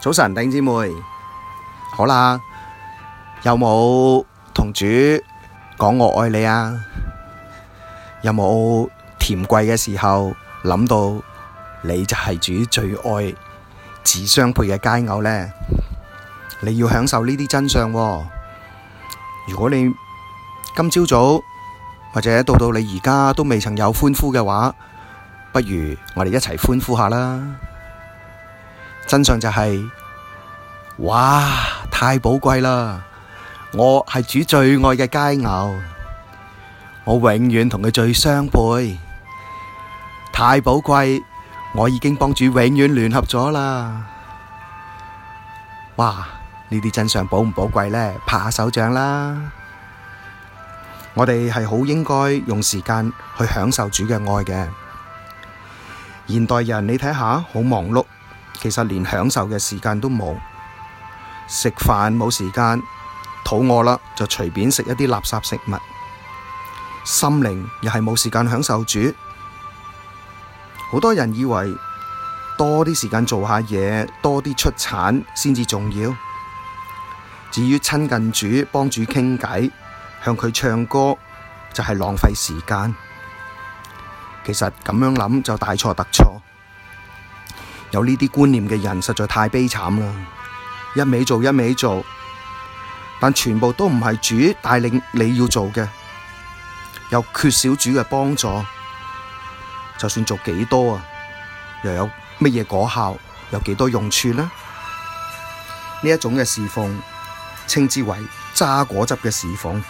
早晨，丁姊妹，好啦，有冇同主講我愛你啊？有冇甜貴嘅時候諗到你就係主最愛，至相配嘅佳偶咧？你要享受呢啲真相喎。如果你今朝早，早或者到到你而家都未曾有歡呼嘅話，不如我哋一齊歡呼下啦！真相就係、是，哇，太寶貴啦！我係主最愛嘅佳偶，我永遠同佢最相配，太寶貴！我已經幫主永遠聯合咗啦！哇，呢啲真相寶唔寶貴呢？拍下手掌啦！我哋係好應該用時間去享受主嘅愛嘅。現代人你睇，下好忙碌。其實連享受嘅時間都冇，食飯冇時間，肚餓啦就隨便食一啲垃圾食物，心靈又係冇時間享受主。好多人以為多啲時間做下嘢，多啲出產先至重要。至於親近主、幫主傾偈、向佢唱歌，就係浪費時間。其實咁樣諗就大錯特錯。有呢啲觀念嘅人實在太悲慘啦！一味做，一味做，但全部都唔係主帶領你要做嘅，又缺少主嘅幫助，就算做幾多啊，又有乜嘢果效？有幾多用處呢？呢一種嘅侍奉，稱之為榨果汁嘅侍奉，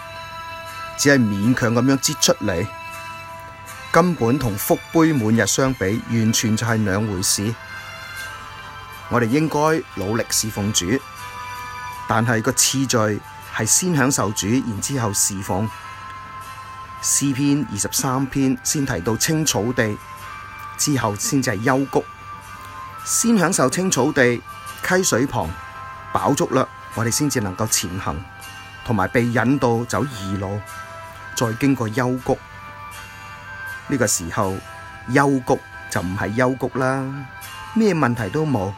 只係勉強咁樣擠出嚟，根本同福杯滿日相比，完全就係兩回事。我哋應該努力侍奉主，但係個次序係先享受主，然之後侍奉。詩篇二十三篇先提到青草地，之後先至係幽谷，先享受青草地、溪水旁飽足啦，我哋先至能夠前行，同埋被引導走義路，再經過幽谷。呢個時候幽谷就唔係幽谷啦，咩問題都冇。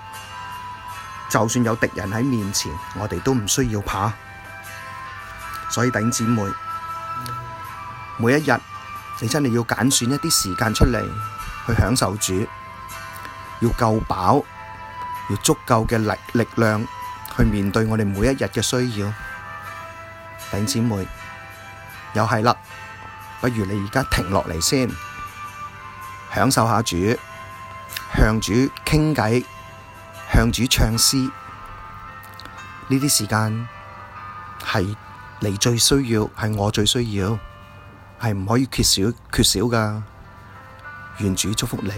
就算有敵人喺面前，我哋都唔需要怕。所以頂姊妹，每一日，你真係要揀選一啲時間出嚟去享受主，要夠飽，要足夠嘅力力量，去面對我哋每一日嘅需要。頂姊妹，又係啦，不如你而家停落嚟先，享受下主，向主傾偈。向主唱詩，呢啲時間係你最需要，係我最需要，係唔可以缺少缺少噶。願主祝福你。